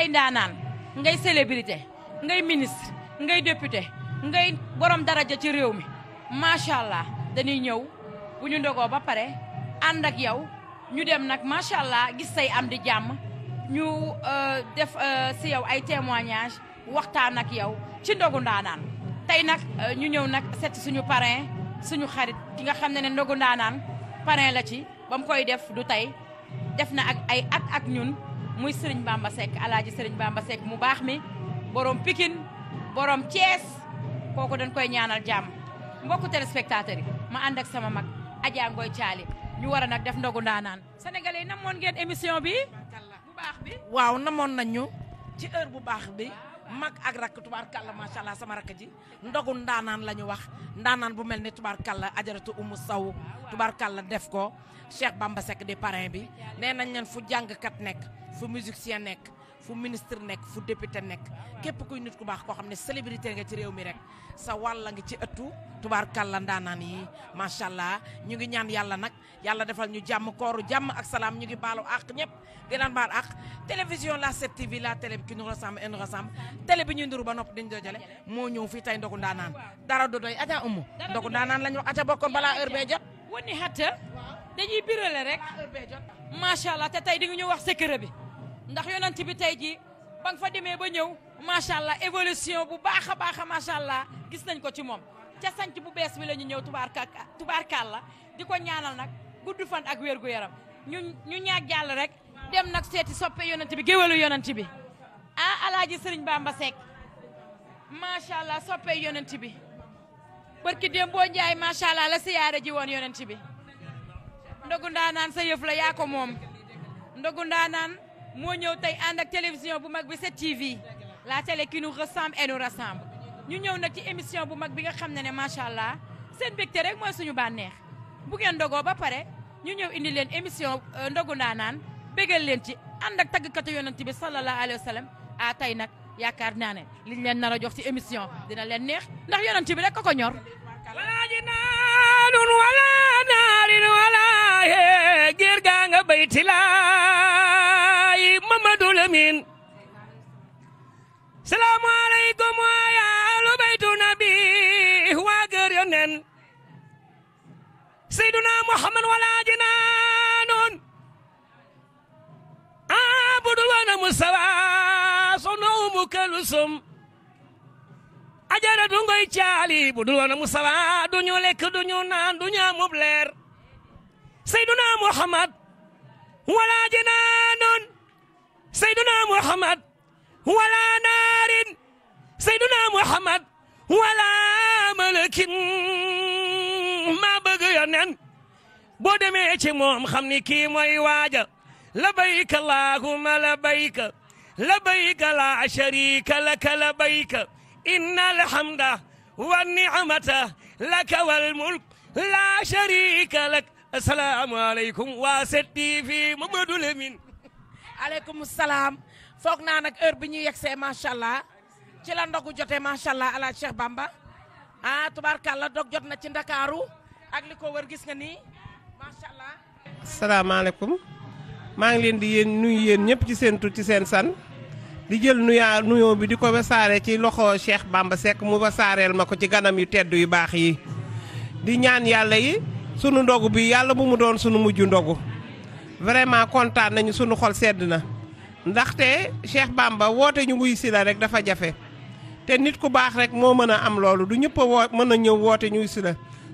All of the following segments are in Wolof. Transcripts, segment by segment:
ngay ndaanaan ngay célébrité ngay ministre ngay député ngay borom daraja ci réew mi macha allah dañuy ñëw bu ñu ndogoo ba pare ànd ak yow ñu dem nag macha allah gis say am di jàmm ñu euh, def euh, si yow ay témoignage waxtaan ak yow ci ndogu ndaanaan tey nag euh, ñu ñëw nag set suñu parrain suñu xarit ki nga xam ne ne ndogu ndaanaan parrain la ci ba mu koy def du tey def na ak ay at ak ñun muy Serigne Bamba Seck alaaji Serigne Bamba Seck mu baax mi borom pikin borom Thiès kooku dañ koy ñaanal jàmm mbokku téléspectateurs yi ma ànd ak sama mag Adja Ngoy Thiali ñu war nag def ndogu ndaanaan sénégalais na namoon ngeen émission bi bu baax waaw namoon nañ ñu ci heure bu baax bi mag ak rakk tubaarkàlla macha allah sama rakk ji ndogu ndaanaan la ñu wax ndaanaan bu mel ni tubaarkàlla ajaratu umu saw tubaarkàlla def ko Cheikh Bamba Seck di parrain bi nee nañ leen fu jàngkat nekk fu musicien nekk fu ministre nekk fu député nekk képp kuy nit ku baax koo xam ne célébrité nga ci réew mi rek sa wàll nga ci ëttu tubaarkàlla ndaanaan yi macha allah ñu ngi ñaan yalla nag yàlla defal ñu jàmm kooru jàmm ak salaam ñu ngi baalu àq ñëpp dinaan baal àq télévision la 7TV la télé qui nous ressemble et nous ressemble télé bi ñuy nduru ba nopp dañu dojale moo ñëw fii tey ndogu ndaanaan dara du doy aja umu ndogu ndaanaan la ñu wax aca bokkoon balaa heure bee dañuy birale rek macha allah te tey di nga ñu wax secret bi ndax yonent bi tey jii ba fa demee ba ñëw macha allah évolution bu baax a baax a macha allah gis nañ ko ci moom ca sanc bu bees bi la ñu ñëw tubaarka tubaarkàlla di ko ñaanal nag gudd fan ak wér yaram ñu ñu ñaag jàll rek dem nag seeti soppe yonent bi géwalu yonent bi ah alaaji sëriñ Bamba Seck macha allah soppe yonent bi barki démb boo njaay macha allah la siyaare ji woon yonent bi ndogu ndaanaan sa yëf la yaa ko moom ndogu ndaanaan moo ñëw tey ànd ak télévision bu mag bi 7TV la télé qui nous ressemble et nous rassemble ñu ñëw nag ci émission bu mag bi nga xam ne ne macha allah seen mbégte rek mooy suñu bànneex bu ngeen ndogoo ba pare ñu ñëw indi leen émission euh, ndogu naan bégal leen ci ànd ak tàggkatu yonent bi sallallahu alayhi wa sallam a tey nag yaakaar naa ne liñ leen na a jox ci émision dina leen neex ndax yonent bi rek ko ko ñor. laaye géer gaa nga bayti laay Mamadu Lamin salaamu aleykum waayaalu baytu nabi waa gër yo nen seyduna muhammad walaa jinaanoon aa budul woona musawa soxna Umu Kalsum ajaratu ngoy caali budul woona musawa duñu lekk duñu naan duñu amub leer sayduna muhammad wala jinaanun sayduna muhammad wala naarin sayduna muhammad wala malakin maa bëgg yonen boo demee ci moom xam ni kii mooy waaja labayka allahumma labayka labayka la sharika laka labayka inna alhamda wa ni'mata laka wal mulk la sharika laka asalaamaaleykum waa 7TV Mamadou Lamine. aleykum salaam foog naa nag heure bi ñu yegsee macha allah ci la ndogu jotee macha allah ala Cheikh Bamba ah tubaarkàlla dog jot na ci ndakaaru ak li ko wër gis nga ni macha allah. asalaamaaleykum maa ngi leen di yéen nuyu yéen ñëpp ci seen tur ci seen san di jël nuyaa nuyoo bi di ko wasaare ci loxo Cheikh Bamba Seck mu saareel ma ko ci ganam yu tedd yu baax yi di ñaan yàlla yi. sunu ndogu bi yàlla bu mu doon sunu mujj ndogu vraiment kontaan nañu sunu xol sedd na ndaxte Cheikh Bamba woote ñu wuy si la rek dafa jafe te nit ku baax rek moo mën a am loolu du ñëpp woo mën a ñëw woote ñuy si la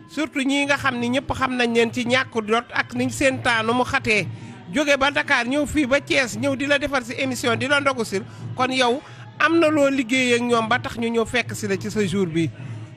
surtout ñii nga xam ni ñëpp xam nañ leen ci ñàkk jot ak ni seen taanu mu xatee jóge ba ndakaar ñëw fii ba Thiès ñëw di la defar si émission di la ndogu si kon yow am na loo liggéey ñoom ba tax ñu ñëw fekk si la ci sa jour bi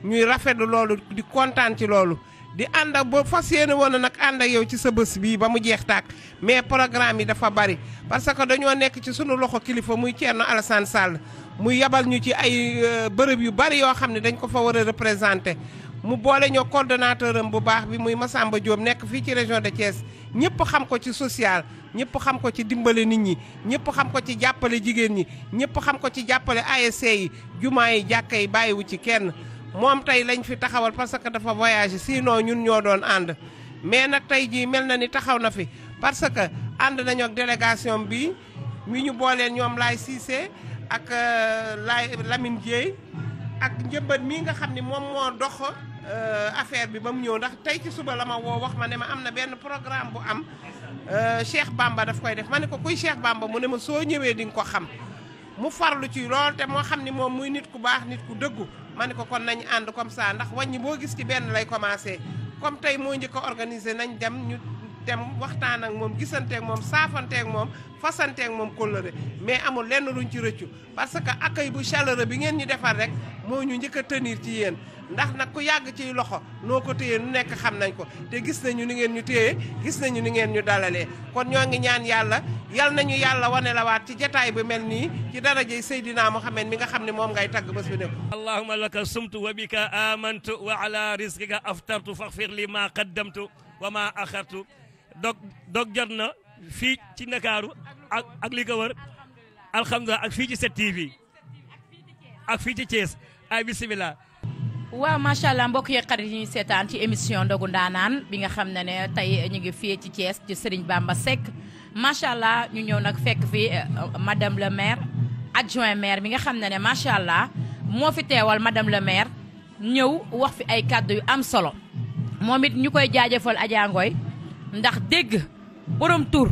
ñuy rafetlu loolu di kontaan ci loolu di ànd ak boo fas yéene woon nag ànd ak yow ci sa bës bii ba mu jeex tàkk mais programme yi dafa bari parce que dañoo nekk ci sunu loxo kilifa muy Thierno Alassane Sall mu yabal ñu ci ay euh, bërëb yu bari yoo xam ne dañ ko fa war a représenté mu boole ñoo coordonnateur am bu baax bi muy Massamba Diop nekk fii ci région de Thiès ñëpp xam ko ci social ñëpp xam ko ci dimbale nit ñi ñëpp xam ko ci jàppale jigéen ñi ñëpp xam ko ci jàppale ASC yi jumaa yi jàkka yi bàyyiwu ci kenn moom tey lañ fi taxawal parce que dafa voyagé sinon ñun ñoo doon ànd mais nag tey jii mel na ni taxaw na fi parce que ànd nañu ak délégation bi mi ñu booleel ñoom Laay Cissé ak euh, Laay Lamine Dieye ak njëmbat mii nga xam ni moom moo dox euh, affaire bi ba mu ñëw ndax tey ci suba la ma woo wax ma ne ma am na benn programme bu am euh, Cheikh Bamba daf koy def ma ne ko kuy Cheikh Bamba mu ne ma soo ñëwee di nga ko xam mu farlu ci lool te moo xam ni moom muy nit ku baax nit ku dëggu ma ne ko kon nañ ànd comme ça ndax wañ ñi boo gis ci benn lay commencé comme tey moo njëkk a organisé nañ dem ñu dem waxtaan ak moom gisanteeg moom saafanteeg moom fasanteeg moom kóllëre mais amul lenn luñ ci rëccu parce que accueil bu chaleureux bi ngeen ñu defar rek moo ñu njëkk a tenir ci yéen ndax nag ku yàgg ci loxo noo ko téye nu nekk xam nañ ko te gis nañu ni ngeen ñu téye gis nañu ni ngeen ñu dalalee kon ñoo ngi ñaan yàlla yal nañu yàlla wane la waat ci jataay bu mel nii ci darajey Seydina Muhammad mi nga xam ne moom ngay tagg bés bi nekk allahuma laka sumtu wa bika amantu wa ala rizqika aftartu faghfir li ma qaddamtu wa ma axartu dog dog jot na fii ci Ndakaaru ak ak li ko wër ak fii ci 7TV ak fii ci Thiès ay bisimilah. waaw macha allah mbokk yi xarit yi seetaan ci émission ndogu ndaanaan bi nga xam ne ne tey ñu ngi fii ci Thiès ci Serigne ba sekk macha allah ñu ñëw nag fekk fii euh, madame le maire adjoint maire bi nga xam ne ne macha allah moo fi teewal madame le maire ñëw wax fi ay kàddu yu am solo moom it ñu koy jaajëfal Adja Ngoy ndax dégg borom tur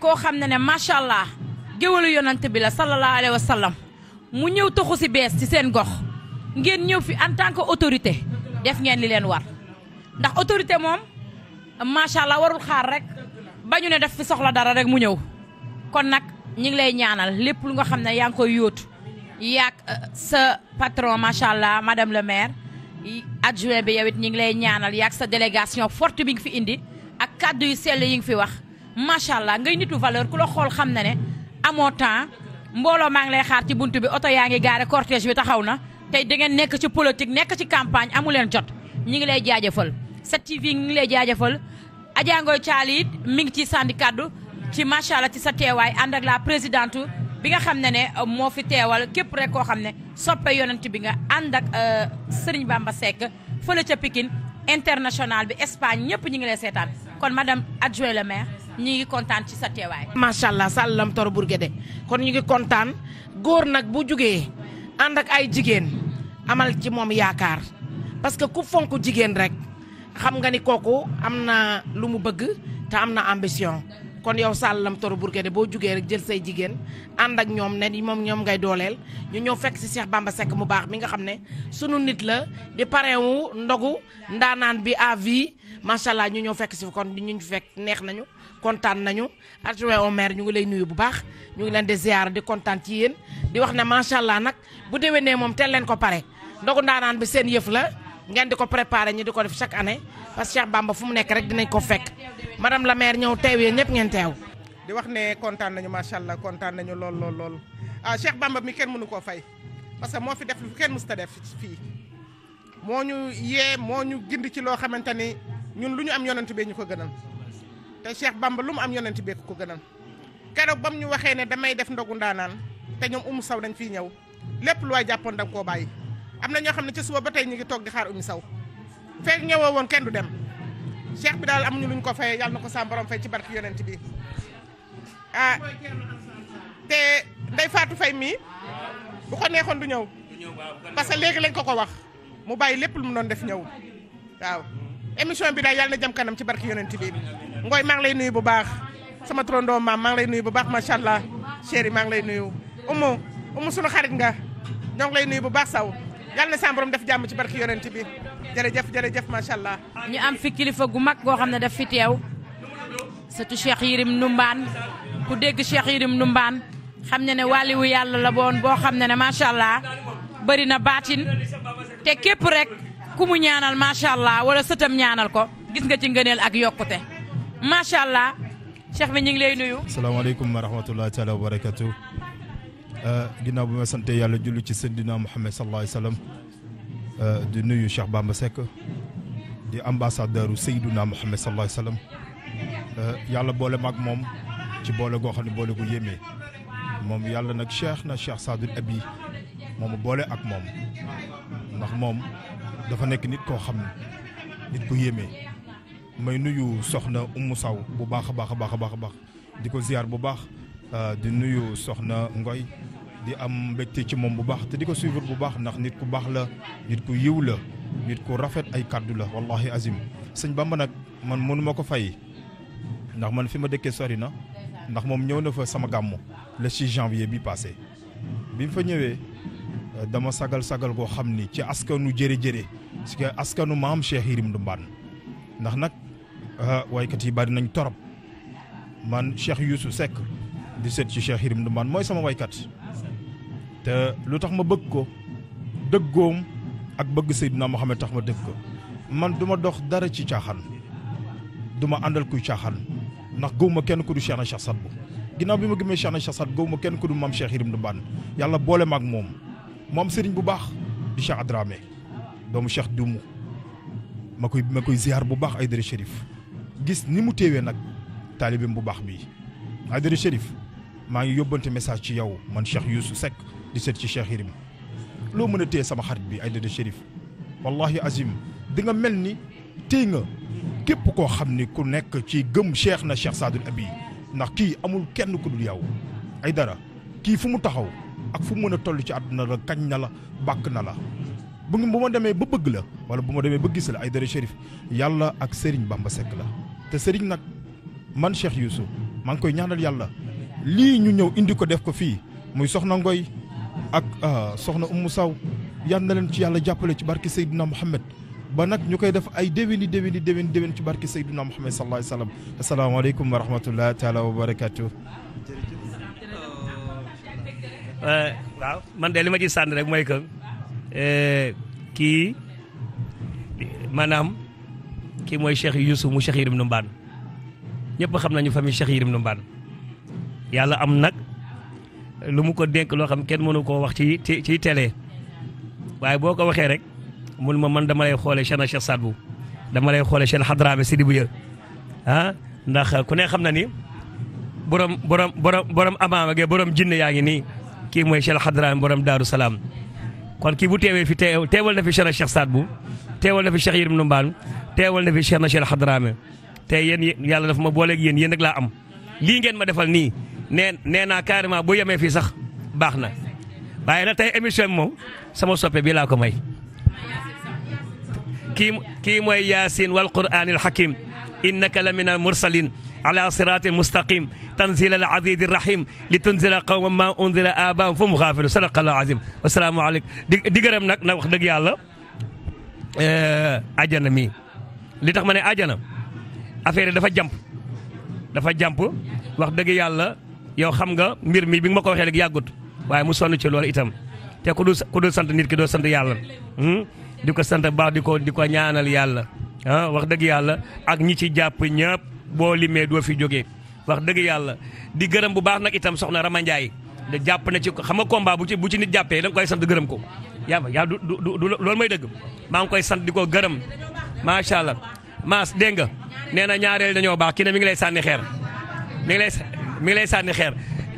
koo xam ne ne macha allah géwalu yonante bi la sallallahu alayhi wa sallam mu ñëw toxu si bees ci seen gox ngeen ñëw fi en tant que autorité def ngeen li leen war ndax autorité moom macha warul xaar rek ba ñu ne def fi soxla dara rek mu ñëw kon nag ñi ngi lay ñaanal lépp lu nga xam ne yaa ngi koy yóotu yaak euh, sa patron macha allah madame le maire adjoint bi yow it ñi ngi lay ñaanal yaak sa délégation forte bi nga fi indi ak kàddu yu sell yi nga fi wax macha allah ngay nitu valeur ku la xool xam ne ne amoo temps mbooloo maa ngi lay xaar ci bunt bi oto yaa ngi gaare cortége bi taxaw na tey da ngeen nekk ci politique nekk ci campagne amu leen jot ñi ngi lay jaajëfal 7TV ñi ngi lay jaajëfal Adja Ngoye Thiali it mi ngi ciy sànni kàddu ci macha allah ci sa teewaay ànd ak la présidente bi nga xam ne ne euh, moo fi teewal képp rek koo xam ne soppe yonent bi nga ànd ak euh, Serigne Bamba Seck fële ca Pikine international bi Espagne ñëpp ñi ngi lay seetaan. kon madame adjoint le maire ñi ngi kontaan ci sa teewaay. macha allah sàllam toro de kon ñu ngi kontaan góor nag bu jugee ànd ak ay jigéen amal ci moom yaakaar parce que ku fonk jigéen rek xam nga ni kooku am na lu mu bëgg te am na ambition. kon yow sàllam toro Bourguédé boo jugee rek jël say jigéen ànd ak ñoom ne moom ñoom ngay dooleel ñu ñëw fekk si Cheikh Bamba Seck mu baax mi nga xam ne sunu nit la di parewu ndogu ndaanaan bi à macha allah ñu ñëw fekk si kon ñu fekk neex nañu kontaan nañu adjoint au maire ñu ngi lay nuyu bu baax ñu ngi leen di ziar di kontaan ci yéen di wax ne macha allah nag bu déwénee moom teel leen ko pare ndogu ndaanaan bi seen yëf la ngeen di ko préparé ñu di ko def chaque année parce que Cheikh Bamba fu mu nekk rek dinañ ko fekk madame la maire ñëw teew yéen ñëpp ngeen teew. di wax ne kontaan nañu macha allah kontaan nañu lool lool lool ah Cheikh Bamba mi kenn mënu koo fay parce que moo fi def lu kenn mësta def fii moo ñu yee moo ñu gind ci ñun lu ñu am yonent bee ñu ko gënal te Cheikh Bamba lu mu am yonent bee ko gënal keroog bam ñu waxee ne damay def ndogu naan te ñoom umu saw dañ fiy ñëw lépp lu waay jàppoon danga koo bàyyi am na ñoo xam ne ci suba ba tey ñu ngi toog di xaar umu saw fee ñëwoo woon kenn du dem cheikh bi daal amuñu luñ ko fayee yàlla na ko sa borom fay ci barki yonent bi ah, te nday faatu fay mii bu ko neexoon du ñëw parce que léegi lañ ko ko wax mu bàyyi lépp lu mu doon def ñëw émission bi daal yàlla na jëm kanam ci barki yonent bi Ngoy maa lay nuyu bu baax sama trondoo maam maa ngi lay nuyu bu baax macha allah chéri maa ngi lay nuyu umu umu sunu xarit nga ñoo lay nuyu bu baax saw yàlla na sam borom def jàmm ci barki yonent bi jërëjëf jërëjëf macha allah. ñu am fi kilifa gu mag goo xam ne daf fi teew surtout Cheikh Yirim Numbaan ku dégg Cheikh Yirim Numbaan xam ne ne wàlliwu yàlla la boon boo xam ne ne macha allah bëri na baatin te képp rek. ku mu ñaanal macha allah wala sëtam ñaanal ko gis nga ci ngëneel ak yokkute macha allah cheikh bi ñu ngi lay nuyu. salaamaaleykum wa rahmatulah taala wa barakatu. Euh, ginnaaw bi ma sant yàlla jullu ci Seydina Muhammad sallallahu alayhi wa sallam euh, di nuyu Cheikh Bamba Seck di ambassadeur Seydina Muhammad sallallahu alayhi wa sallam euh, yàlla boole maag moom ci boole goo xam ne boole gu yéeme moom yàlla nag cheikh na Cheikh Sadul Abi moom boole ak moom ndax moom. dafa nekk nit koo xam ne nit bu yéeme may nuyu soxna Oumou saw bu baax a baax a baax a baax di ko ziar bu baax euh, di nuyu soxna Ngoy di am mbégte ci moom bu baax te di ko suivre bu baax ndax nit ku baax la nit ku yiw la nit ku rafet ay kàddu la wallahi azim sëñ Bamba nag man mënu ma ko fay ndax man fi ma dëkkee sori na ndax moom ñëw na fa sama gàmmu le 6 janvier bi passé bi mu fa ñëwee. dama sagal sagal goo xam ni ci askanu jëre jëre parce que askanu maam Cheikh Yérim Ndumbaan ndax nag ah, waykat yi bari nañ torop man Cheikh Youssou sekk di seet ci Cheikh Yérim Ndumbaan mooy sama waykat te lu tax ma bëgg ko dëggoom ak bëgg Seydina Mohamed tax ma dëgg ko man du dox dara ci caaxaan duma àndal kuy caaxaan ndax gëw ma kenn ku du Cheikh na Cheikh Sadbou ginnaaw bi ma gëmee Cheikh na Cheikh Sadbou gëw ma kenn ku du maam Cheikh Yérim Ndumbaan yàlla boole ak moom moom sëriñ bu baax di Cheikh Adramé doomu Cheikh Dumu ma koy ma koy ziar bu baax ay Aydara serif gis ni mu téewee nag taalibeem bu baax bii Aydara serif maa ngi yóbbante message ci yow man Cheikh Youssou Seck di seet ci Cheikh Yérim loo mën a téye sama xarit bi Aydara Chérif wallahi azim di nga mel ni téy nga képp koo xam ni ku nekk ci gëm Cheikh na Cheikh Sadul Abi ndax kii amul kenn ku dul yow dara kii fu mu taxaw ak fu mu mën a toll ci àdduna la kañ na la bàkk na la bu bu ma demee ba bëgg la wala bu ma demee ba gis la ay dara shérif yàlla ak sëriñ Bamba Seck la te sëriñ nag man Cheikh Youssou maa ngi koy ñaanal yàlla lii ñu ñëw indi ko def ko fii muy soxna Ngoy ak ah, soxna Oumou saw yal na leen ci yàlla jàppale ci barke Seydina Mohamed ba nag ñu koy def ay déwéni déwéni déwéni déwéni ci barke Seydina Mohamed sallallahu alayhi wa sallam asalaamaaleykum wa rahmatulah taala wa barakaatu. Eh, waaw man de li ma ci sànni rek mooy que eh, kii maanaam kii mooy Cheikh Youssou mu Cheikh Yérim Ndoumban ñëpp xam nañu famille Cheikh Yérim Ndoumban yàlla am nag lu mu ko denk loo xam kenn mënu koo wax ci ci ci télé waaye boo ko waxee rek mun ma man dama lay xoolee Cheikh na Cheikh Sadbou dama lay xoolee Cheikh Hadrame Sidi Bouya ah ndax ku ne xam na ni borom borom borom borom amaama ge borom jinne yaa ngi nii. kii mooy Cheikh Xadraam borom Daaru Salaam kon kii bu teewee fi teew teewal na fi Cheikh Cheikh Saad bu teewal na fi Cheikh Yérim Ndumbaan teewal na fi Cheikh na Cheikh Xadraame te yéen yàlla dafa ma booleeg yéen yéen rek laa am lii ngeen ma defal nii nee nee naa carrément bu yemee fii sax baax na waaye nag tey émission bi moom sama soppe bi laa ko may kii kii mooy yaasin wal quraanil hakim innaka la minal mursalin ala sirati mustaqim tanzil al aziz rahim li tunzila qawma ma unzila abaam fa mu xaafilu sadaqa allah azim wasalaamu aleykum di di gërëm nag nag wax dëgg yàlla ajana eh, mi li tax ma ne ajana affaire yi dafa jàmp dafa jàmp wax dëgg yàlla yow xam nga mbir mi bi nga ma ko waxee rek yàggut waaye mu sonn ci loolu itam te ku dul ku dul sant nit ki doo sant yàlla hmm? di ko sant baax di ko di ko ñaanal yàlla ah wax dëgg yàlla ak ñi ci jàpp ñëpp boo limee doo fi jógee wax dëgg yàlla di gërëm bu baax nag itam soxna Rama Ndiaye da jàpp na ci xam nga combat bu ci bu ci nit jàppee da koy sant gërëm ko yaa yaa du du du loolu may dëgg maa ngi koy sant di ko gërëm macha allah maas dégg nga nee na ñaareel dañoo baax kii ne mi ngi lay sànni xeer mi ngi lay mi ngi lay sànni xeer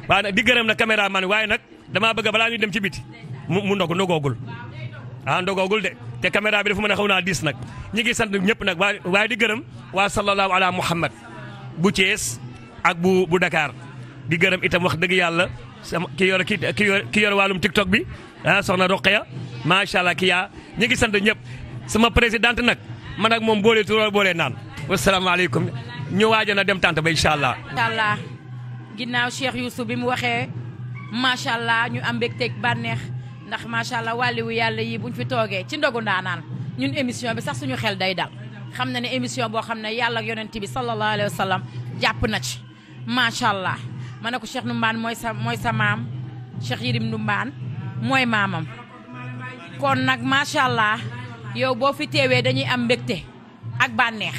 waaw nag di gërëm na caméraman waaye nag damaa bëgg balaa ñuy dem ci biti mu mu ndog ndogoogul ah ndogoogul de te caméra bi dafa ma ne xaw naa diis nag ñi ngi sant ñëpp nag waa waaye di gërëm waa sallallahu ala muhammad bu Thiès ak bu bu Dakar di gërëm itam wax dëgg yàlla sama ki yor ki ki yor wàllum TikTok bi ah soxna Roqeya macha allah ki yaa ñi ngi sant ñëpp sama présidente nag man nag moom boole tuural boole naan wasalaamaaleykum ñu waaj na dem tànt ba incha allah. incha allah ginnaaw Cheikh Youssou bi mu waxee macha allah ñu am mbégteeg bànneex. ndax macha allah wàlliwu yàlla bu ñu fi toogee ci ndogu ndaanaan ñun émission bi sax suñu xel day dal xam na ne émission boo xam ne yàlla ak yonent bi sallallahu alayhi wa jàpp na ci macha allah ma ne ko Cheikh Ndoumbane mooy sa mooy sa maam Cheikh Yirim Ndoumbane mooy maamam kon nag macha allah yow boo fi teewee dañuy am mbégte ak bànneex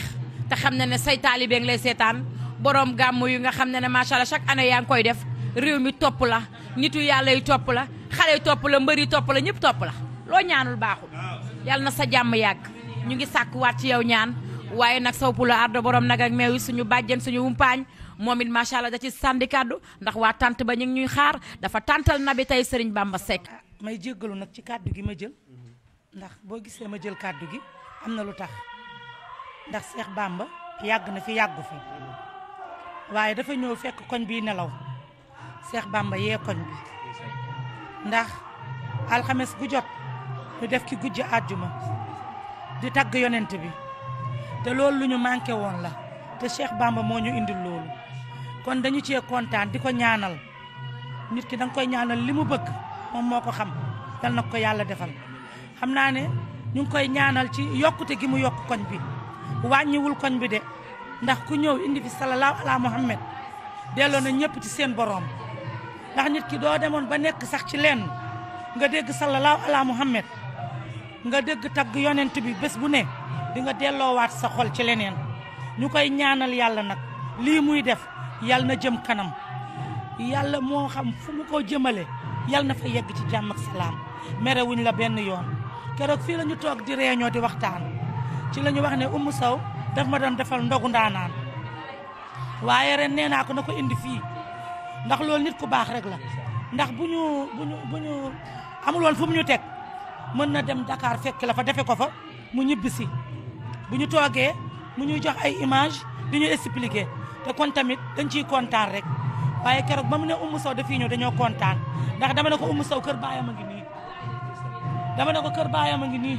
te xam na ne say taalibe lay seetaan borom gàmm yu nga xam ne ne macha allah chaque année yaa ngi koy def réew mi topp la nitu yàlla yi topp la xale yi topp la mbër yi topp la ñëpp topp la loo ñaanul baaxul yàlla na sa jàmm yàgg ñu ngi sàkkuwaat ci yow ñaan waaye nag saw pula ardo borom nag ak meew yi suñu bàjjen suñu wumpaañ moom it macha allah da ci sànni kàddu ndax waa tant ba ñu ngi ñuy xaar dafa tàntal na bi tey Serigne bàmba Seck. Ah, may jéggalu nag ci kàddu gi ma jël ndax boo gisee ma jël kàddu gi am na lu tax ndax Seex bàmba yàgg na fi yàggu fi waaye dafa ñëw fekk koñ bi nelaw Seex bàmba yee ndax alxames gu jot def ci gujj àjjuma di tagg yonent bi te loolu lu ñu manqué woon la te Cheikh Bamba mooñu ñu indil kon dañu cee kontaan di ko ñaanal nit ki danga koy ñaanal li mu bëgg moom moo ko xam dal na ko yàlla defal xam naa ne ñu koy ñaanal ci yokkute gi mu yokk koñ bi wàññiwul koñ bi de ndax ku ñëw indi fi salallahu ala muhammad delloo na ñëpp ci seen borom ndax nit ki doo demoon ba nekk sax ci lenn nga dégg sallallahu ala muhammad nga dégg tagg yonent bi bés bu ne di nga delloowaat sa xol ci leneen ñu koy ñaanal yàlla nag lii muy def yàlla na jëm kanam yàlla moo xam fu mu ko jëmale yàlla na fa yegg ci jàmm ak salaam merewuñ la benn yoon keroog fii la ñu toog di réunion di waxtaan ci la ñu wax ne Oumou Sow daf ma doon defal ndogu ndaanaan waaye ren nee naa ko na ko indi fii ndax loolu nit ku baax rek la ndax bu ñu bu ñu bu ñu amul woon ñu teg mën na dem Dakar fekk la fa defe ko fa mu ñibbi si bu ñu toogee mu ñuy jox ay image di ñu expliquer te kon tamit dañ ciy kontaan rek waaye keroog ba mu ne Oumou Sow dafiy ñëw dañoo kontaan ndax dama ne ko Oumou saw kër baayam a ngi nii dama ne ko kër baayam ma ngi nii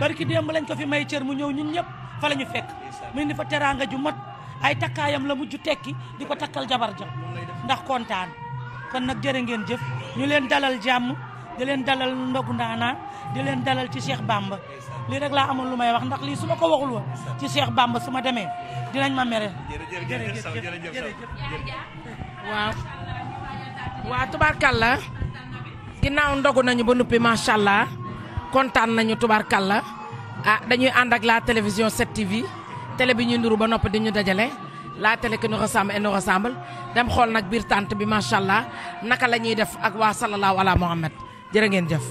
barki démb lañ ko fi may cër mu ñëw ñun ñëpp fa la ñu fekk mu indi fa teraanga ju mat ay takkaayam la mujj tekki di ko takkal jabar ja ndax kontaan kon nag jërë ngeen jëf ñu leen dalal jàmm di leen dalal ndogu ndaanaan di leen dalal ci Cheikh bàmba lii rek laa amoon lu may wax ndax lii su ma ko waxul woon ci Cheikh Bamba su ma demee dinañ ma mere jërëjëf waaw waaw tubaarkàlla ginnaaw ndogu nañu ba nuppi macha allah kontaan nañu tubaarkàlla ah dañuy ànd ak la télévision 7TV tele bi ñuy nduru ba nopp di ñu dajale la télé qui nous ressemble et nous dem xool nag biir tànt bi macha allah naka la ñuy def ak waa sallallahu ala muhammad jërë ngeen jëf.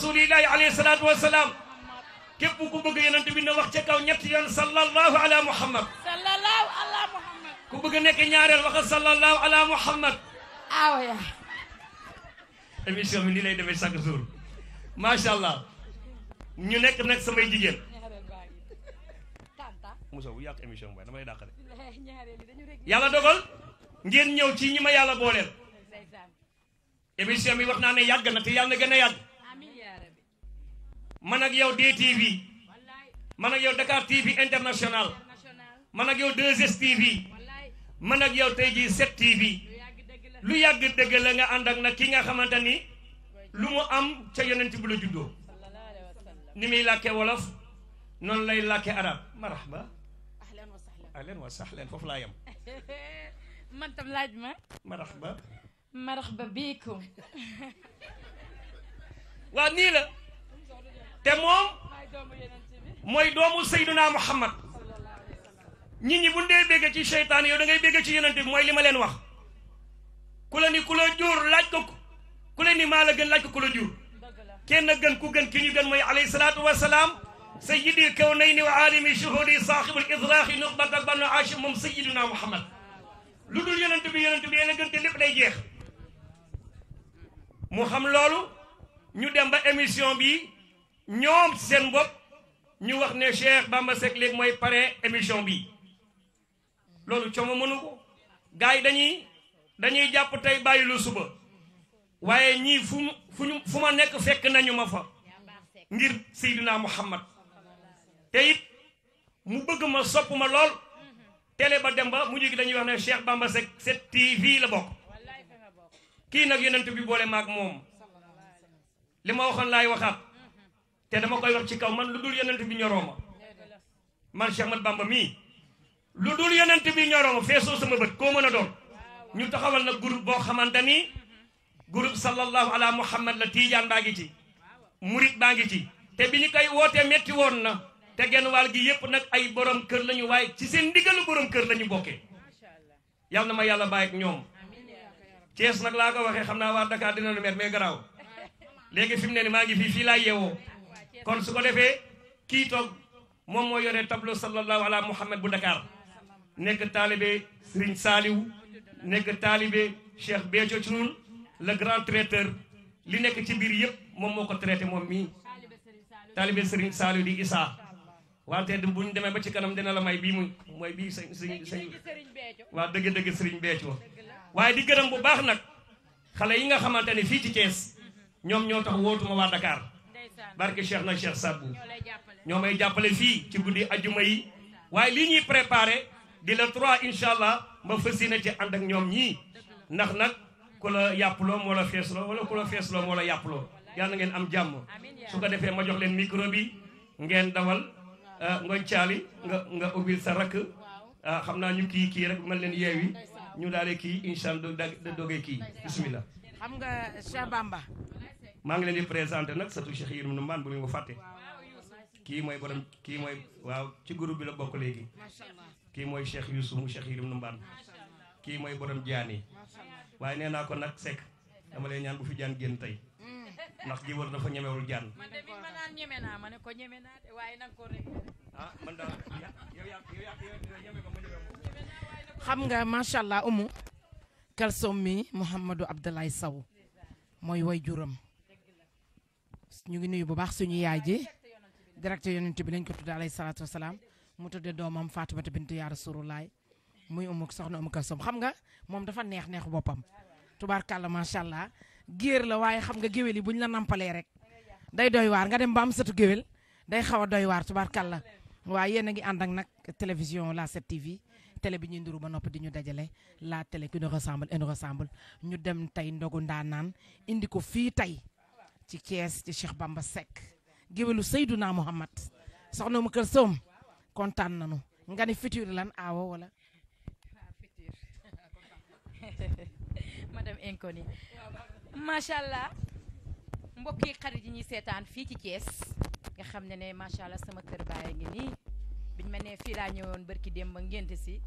rasulillahi alayhi salaatu wa salaam képp ku bëgg yonent bi na wax ca kaw ñetti yoon sallallahu ala muhammad. sallallahu ala muhammad. ku bëgg nekk ñaareel waxal sallallahu ala muhammad. waaw yaa. émission bi nii lay demee chaque jour macha allah ñu nekk nag samay jigéen. Moussa bu yàq émission bi damay dàqale. yàlla dogal ngeen ñëw ci ñi ma yàlla booleel. émission bi wax naa ne yàgg na te yàlla na gën a yàgg. man ak yow DTV man ak yow Dakar TV international man ak yow 2STV man ak yow tey jii 7TV lu yàgg dëgg la nga ànd ak nag ki nga xamante ni lu mu am ca yonent bu la juddoo ni muy làkke wolof noonu lay làkke arab marhaba ahlan wa sahlan foofu laa yem man laaj ma marhaba marhaba biikum waa nii la te moom mooy doomu Seydina Muhammad nit ñi bu dee bégg ci seytaan yow da ngay bégg ci yonent bi mooy li ma leen wax ku la ni ku la jur laaj ko ku la ni maa la gën laaj ko ku la jur kenn gën ku gën ki ñu gën mooy alayhi salaatu wa salaam sayyidi kawnayni wa aalimi shuhudi saaxibul idraaxi nuxbata banu aashim moom sayyidina Muhammad lu dul yonent bi yonent bi yéen a gën te lépp day jeex mu xam loolu ñu dem ba émission bi ñoom seen bopp ñu wax ne Cheikh Bamba Seck léegi mooy pare émission bi loolu coomo mënu ko gars yi dañuy dañuy jàpp tey bàyyi lu suba waaye ñii fu mu fu ma nekk fekk nañu ma fa ngir Seydina Muhammad te it mu bëgg ma sopp ma lool télé ba dem ba mujj dañuy wax ne Cheikh Bamba Seck 7TV la bokk kii nag yonent bi boole maag moom li ma waxoon laay te dama koy wax ci kaw man lu dul yonent bi ñoroo ma man Cheikh Ahmad Bamba mii lu dul yonent bi ñoroo fee feesoo sama bët koo mën a doon ñu taxawal na groupe boo xamante ni groupe sallallahu ala muhammad la tiijaan baa ngi ci murit baa ngi ci te bi ñu koy wootee metti woon na te genn waar gi yëpp nag ay borom kër lañu waaye ci seen ndigalu borom kër lañu bokkee yàlla na ma yàlla bàyyi ak ñoom Cees nag laa ko waxee xam naa waa Dakar dina lu met mais garaaw léegi fi mu ngi fii fii laa yeewoo kon su ko defee kii toog moom moo yore tableau sallallahu ala muhammad bu Dakar nekk taalibe Serigne Saliou nekk taalibe Cheikh Béthio Thioune la grand traiteur li nekk ci biir yëpp moom moo ko traité moom mii taalibe Serigne saaliw di Issa wante bu ñu demee ba ci kanam dina la may bii muy mooy bii sëñ sëriñ sëñ waa dëgg dëgg Serigne Béthio waaye di gërëm bu baax nag xale yi nga xamante ne fii ci Thiès ñoom ñoo tax wootuma waa Dakar barke Cheikh na Cheikh Sabu ñoo may jàppale fii ci guddi ajuma yi waaye lii ñuy préparé di la trois incha allah ma fas yéene ci ànd ak ñoom ñii ndax nag ku la yàppaloo moo la feesloo wala ku la feesloo moo la yàppaloo yàlla ngeen am jàmm su ko defee ma jox leen micro bi ngeen dawal eh, ngoñ caali nga nga ubbil sa rakk ah, xam naa ñu kii kii rek man leen yeewi ñu daale kii incha allah da doge kii bisimilah. maa ngi leen di présenté nag satu Cheikh Yérim nu maan bu ñu ko fàtte kii mooy borom kii mooy waaw ci groupe bi la bokk léegi kii mooy Cheikh Youssou mu Cheikh Yérim nu mbaan kii mooy borom jaan yi waaye nee naa ko nag sekk dama lay ñaan bu fi jaan génn tey ndax gi war dafa ñemewul jaan ah man daal yow yaa yow ñeme ko ma ñeme ko xam nga macha allah umu kalsom mi Mouhamadou Abdoulaye saw mooy way juram ñu ngi nuyu bu baax suñu yaay ji direct yonent bi lañ ko tudd alayhi salaatu wasalaam mu tudde doomam Fatimata bintu yaa Rasulullah muy umu soxna umu Kalsum xam nga moom dafa neex neexu boppam kalla macha allah géer la waaye xam nga géwél yi buñ la nampalee rek day doy waar nga dem mbaam am sëtu day xaw a doy waar tubaarkàlla waaye yéen a ngi ànd ak nag télévision la 7TV télé bi ñuy nduru ba noppi di ñu dajale la télé qui nous ressemble et nous ñu dem tey ndogu ndaanaan indi ko fii tey ci Thiès ci Cheikh Bamba Seck géwélu Seydouna Muhammad soxna mu kër soom kontaan nanu nga ni Futurs lan aawo wala madame Inconi macha allah mbokki xarit yi ñuy seetaan fii ci Thiès nga xam ne ne macha allah sama kër baay ngi nii biñ ma ne fii laa ñëwoon barki démb ngénte si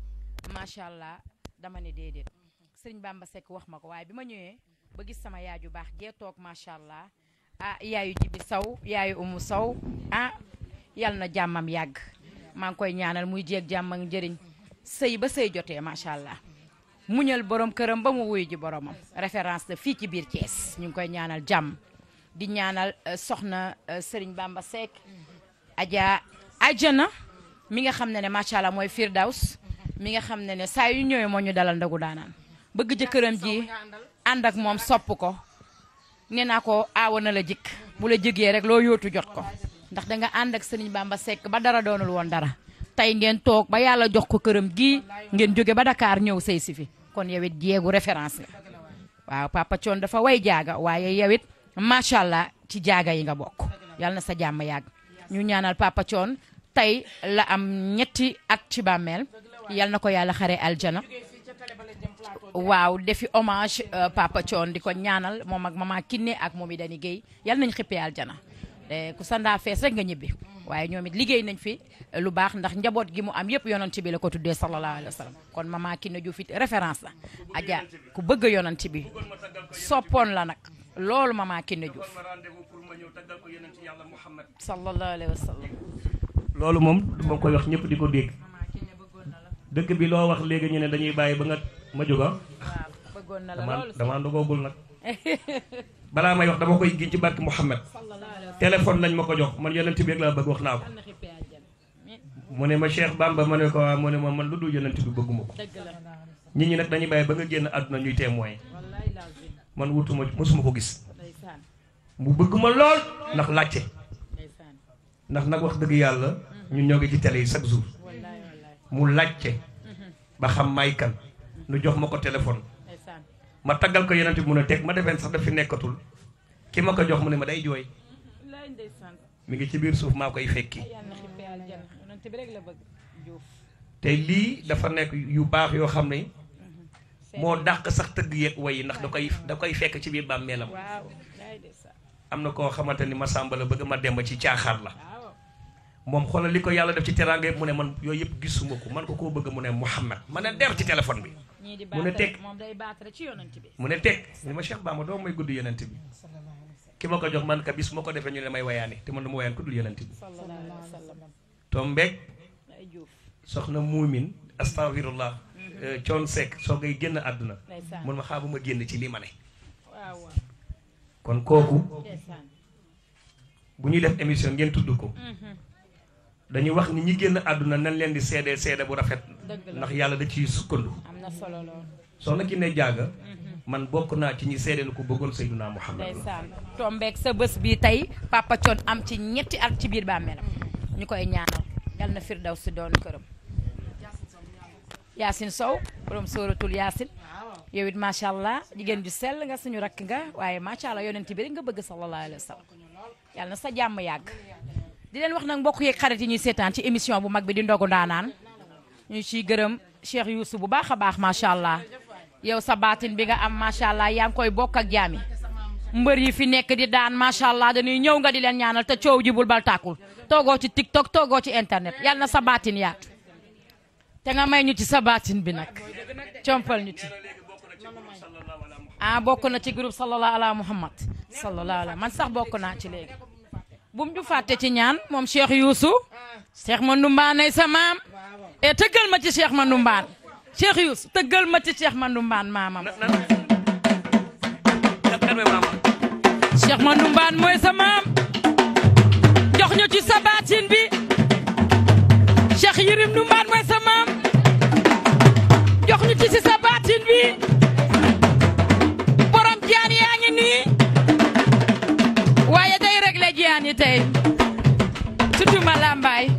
macha allah dama ne déedéet sëriñ Bamba Seck wax ma ko waaye bi ma ñëwee ba gis sama yaay ju baax gee toog macha allah ah yaayu Jibi saw yaayu Umu Sow ah yal na jàmmam yàgg maa ngi koy ñaanal muy jéeg jàmm njëriñ sëy ba sëy jotee macha allah mu muñal borom këram ba mu wuyu ji boromam référence la fii ci biir Thiès ñu ngi koy ñaanal jàmm di ñaanal euh, soxna euh, Serigne Bamba Seck Adja Ajana mi nga xam ne ne macha allah mooy Firdaws mi nga xam ne ne saa yu ñëwee moo ñu dalal ndagu daanaan bëgg jëkkëram ji ànd ak moom sopp ko. nee naa ko aawa na la jikk bu la jigee rek loo yootu jot ko ndax danga ànd ak Serigne Bamba Seck ba dara doonul woon dara tey ngeen toog ba yàlla jox ko këram gi ngeen jóge ba dakaar ñëw say sifi kon yawit jéegu référence la waaw papa Thione dafa way jaaga waaye yowit macha allah ci jaaga yi nga bokk yàlla na sa jàmm yàgg ñu ñaanal papa Thione tey la am ñetti ak ci bàmmeel yàlla na ko yàlla xare aljana waaw defi hommage euh, Papa Thione di ko ñaanal moom ak mama Kiné ak moom yi dañuy géey yal nañ xippee aljana ku sandaa fees rek nga ñibbi waaye ñoom it liggéey nañ fi euh, lu baax ndax njaboot gi mu am yëpp yonent bi la ko tuddee sallallahu alayhi kon mama Kiné Diouf it référence la Adja ku bëgg yonent bi soppoon la nag loolu mama Kiné Diouf sallallahu loolu moom moo koy wax ñëpp di ko dégg dëkk bi loo wax léegi ñu ne dañuy bàyyi ba nga ma jóg ah. waaw bëggoon na la loolu damaa ndogoogul nag. balaa may wax dama koy gi ci barke Mouhamed. téléphone lañ ma ko jox man yonent bi rek laa bëgg wax naa ko. mu ne ma Cheikh Bamba ma ne ko waaw mu ne ma man lu dul yonent bi bëgguma ko. nit ñi nag dañuy bàyyi ba nga génn àdduna ñuy témoin man wutuma mosuma ko gis mu bëgg ma lool ndax laajte ndax nag wax dëgg yàlla ñun ñoo ngi ci télé yi chaque jour mu laajte mhm. ba xam may kan nu jox ma ko téléphone ma taggal ko yeneen bi mun a teg ma defeen sax daf fi nekkatul ki ma ko jox mu ne ma day jooy mi ngi ci biir suuf maa koy fekki te lii dafa nekk yu baax yoo xam ne moo dàq sax tëgg yeeg yi ndax da koy da koy fekk ci biir bàmmeelam am na koo xamante ni ma sàmba la bëgg ma dem ba ci caaxaar la moom xoolal li ko yàlla def ci teraanga yëpp mu ne man yooyu yëpp gisuma ko man ko koo bëgg mu ne Muhammad ma ne der ci téléphone bi mu ne teg mu ne teg ni ma Cheikh Bamba doo may gudd yonent bi ki ma ko jox man ka bis ma ko defee ñu ne may wayaane te man du ma wayaan ku dul yonent bi tombeeg soxna muumin astafirullah coon mhm. eh, sekk soo ngay génn àdduna mun ma xaabuma génn ci lii ma ne kon kooku bu ñuy def émission ngeen tudd ko mhm. dañuy wax ni ñi génn àdduna nañ leen di seede seede bu rafet ndax yàlla da ciy sukkandu am na solo lool soxna ki ne jaaga mhm. man bokk naa ci ñi seede ko bëggoon Seydunaa Muhammad tombeek sa bës bi tey Papa am ci ñetti at ci biir bàmmeelam ñu koy ñaanal yal na firdaw si doon këram Yacine Sow borom sóoratul Yacine yow it macha allah jigéen ju sell nga suñu rekk nga waaye macha allah yonent bi rek nga bëgg sallallahu alayhi wa sallam sa jàmm yàgg di leen wax nag mbokk yi xarit yi ñuy seetaan ci émission bu mag bi di ndogu ndaanaan ñu ciy gërëm Cheikh Youssou bu baax a baax macha allah yow sa baatin bi nga am macha allah yaa ngi koy bokk ak jaami mbër yi fi nekk di daan macha allah dañuy ñëw nga di leen ñaanal te coow ji bul bal tàkkul toogoo ci tiktok toogoo ci internet yàlla na sa baatin te nga may ñu ci sa baatin bi nag compal ñu ci. ah bokk na ci groupe sallallahu ala muhammad sallallahu ala man sax bokk naa ci léegi. bu mu ñu fàtte ci ñaan moom Cheikh Youssou Cheikh Mandou Mbane sa maam e tëggal ma ci Cheikh Mandou Mbane Cheikh Youssou tëggal ma ci Cheikh Mandou Mbane maamam Cheikh Mandou Mbane mooy sa maam jox ñu ci sa bi Cheikh Yirim Ndu Mbane mooy sa maam bi tey tudduma làmbaay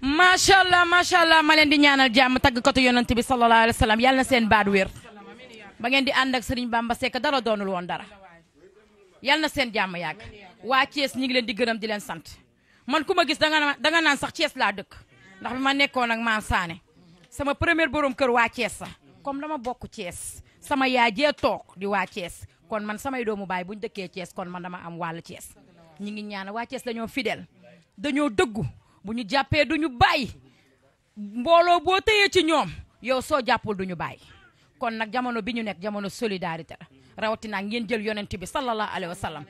macha allah macha allah ma leen di ñaanal jàmm tàggkatu yonent bi sallallahu alayhi wa sallam seen baat wér ba ngeen di ànd ak baam ba Seck dara doonul woon dara yàlla na seen jàmm yàgg waa Thiès ñi ngi leen di gërëm di leen sant man ku ma gis danga danga naan sax Thiès laa dëkk ndax bi ma nekkoon ak maam Sané sama premier borom kër waa Thiès sax comme dama bokk Thiès sama yaa jee toog di waa Thiès kon man samay doomu baay bu ñu dëkkee Thiès kon man dama am wàllu ñu ngi ñaan waa Thiès dañoo fidel dañoo dëggu bu ñu jàppee du ñu bàyyi mbooloo boo tëyee ci ñoom yow soo jàppul du ñu bàyyi kon nag jamono bi ñu nekk jamono solidarité la rawatina ngeen jël yonent bi sallallahu alayhi wa sallam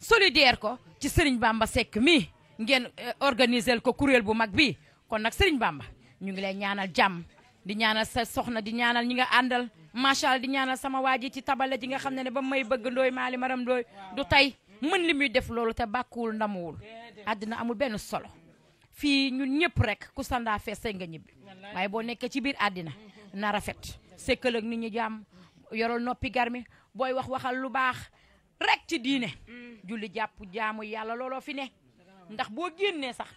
solidaire ko ci sëriñ Bamba sekk mii ngeen eh, organiser ko kuréel bu mag bii kon nag Serigne Bamba ñu ngi lay ñaanal jàmm di ñaanal sa soxna di ñaanal ñi nga àndal macha di ñaanal sama waa ji ci tabale ji nga xam ne ne ba may bëgg ndooy maali maram ndooy du tey mën li muy def loolu te bàkkuwul ndamuwul àddina amul benn solo fii ñun ñëpp rek ku sandaa fees ga nga waaye boo nekkee ci biir àddina na rafet sekkal ni nit ñi jàmm yoral noppi garmi booy wax waxal lu baax rek ci diine mm. julli jàpp jaamu yàlla looloo fi ne ndax boo génnee sax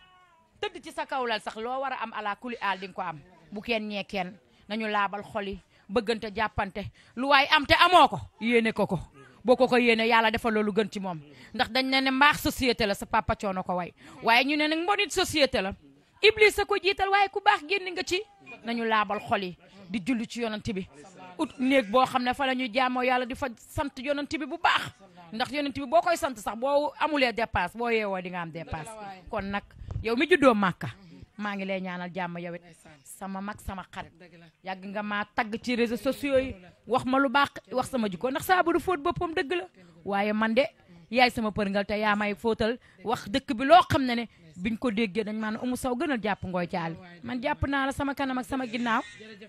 tëdd ci sa kawlal sax loo war a am ala kuli aal ko am bu kenn ñee kenn nañu laabal xoli bëggante jàppante lu waay am te amoo ko yéene ko ko boo ko ko yéene yàlla defal loolu gën ci moom ndax dañ ne ne mbaax société la sa papa coono ko way waaye ñu ne nag mbonit société la iblis sa ko jiital waaye ku baax génn nga ci nañu laabal xol yi di julli ci yonent bi ut néeg boo xam ne fa la ñuy jaamoo yàlla di fa sant yonent bi bu baax ndax yonent bi boo koy sant sax boo amulee dépasse boo yeewoo di nga am dépasse kon nag yow mi juddoo màkka maa ngi lay ñaanal jàmm yow it sama mag sama xarit yàgg nga maa tagg ci réseaux sociaux yi wax ma lu baax wax sama jikko ndax saabu du fóot boppam dëgg la waaye man de yaay sama përngal te yaa may fóotal wax dëkk bi loo xam ne ne biñ ko déggee dañ maa ne umu saw gënal jàpp ngooy caali man jàpp naa la sama kanam ak sama ginnaaw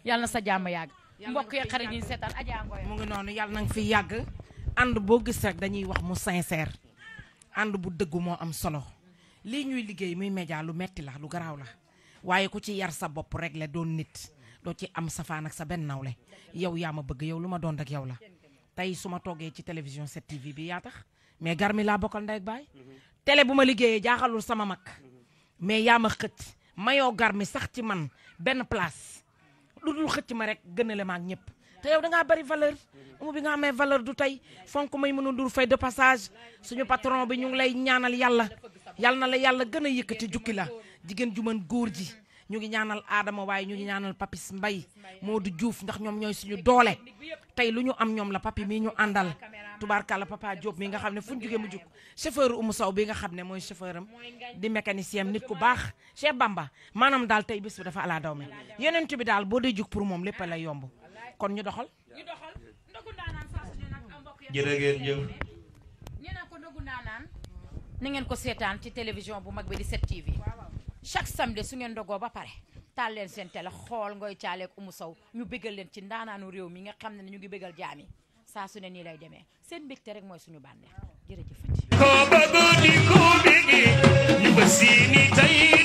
yàlla na sa jàmm yàgg mbokk yi xarit yi seetaan ajaa ngooy mu ngi noonu yàlla nanga fi yàgg ànd boo gis dañuy wax mu sincère ànd bu dëgg moo am solo lii ñuy liggéey muy média lu metti la lu garaaw la waaye ku ci yar sa bopp rek la doon nit doo ci am safaan ak sa benn nawle yow yaa ma bëgg yow lu ma doon rek yow la tey su ma toogee ci télévision 7TV bi yaa tax mais Garmi laa bokkal ndey ak tele bu ma liggéeyee jaaxalul sama mag mais yaa ma xëcc mayoo Garmi sax ci man benn place lu dul xëcc ma rek gënale ma ak ñëpp te yow da ngaa bari valeur amu bi nga amee valeur du tey fonk may mënu dur fay de passage suñu patron bi ñu ngi lay ñaanal yàlla yal na la yàlla gën a yëkkati jukki la jigéen ju mën góor ji ñu ngi ñaanal Adama waaye ñu ngi ñaanal Papis moo Modou Diouf ndax ñoom ñooy suñu doole tey lu ñu am ñoom la papi mii ñu àndal tubaarkàlla papa Diop mi nga xam ne fu ñu jógee mu jóg chauffeur Oumou Sow bi nga xam ne mooy chauffeur am di mécanicien am nit ku baax Cheikh Bamba maanaam daal tey bés bi dafa ala daw mi yeneen bi daal boo dee jug pour moom lépp la yomb kon ñu doxal. na ngeen ko seetaan ci télévision bu mag bi di 7TV chaque samedi su ngeen dogoo ba pare taal leen seen télé xool Ngoy Thiale ak Oumou Sow ñu bëggal leen ci ndaanaanu réew mi nga xam ne ñu ngi bëggal jaami saa su ne nii lay demee seen mbégte rek mooy suñu bànneex jërëjëf.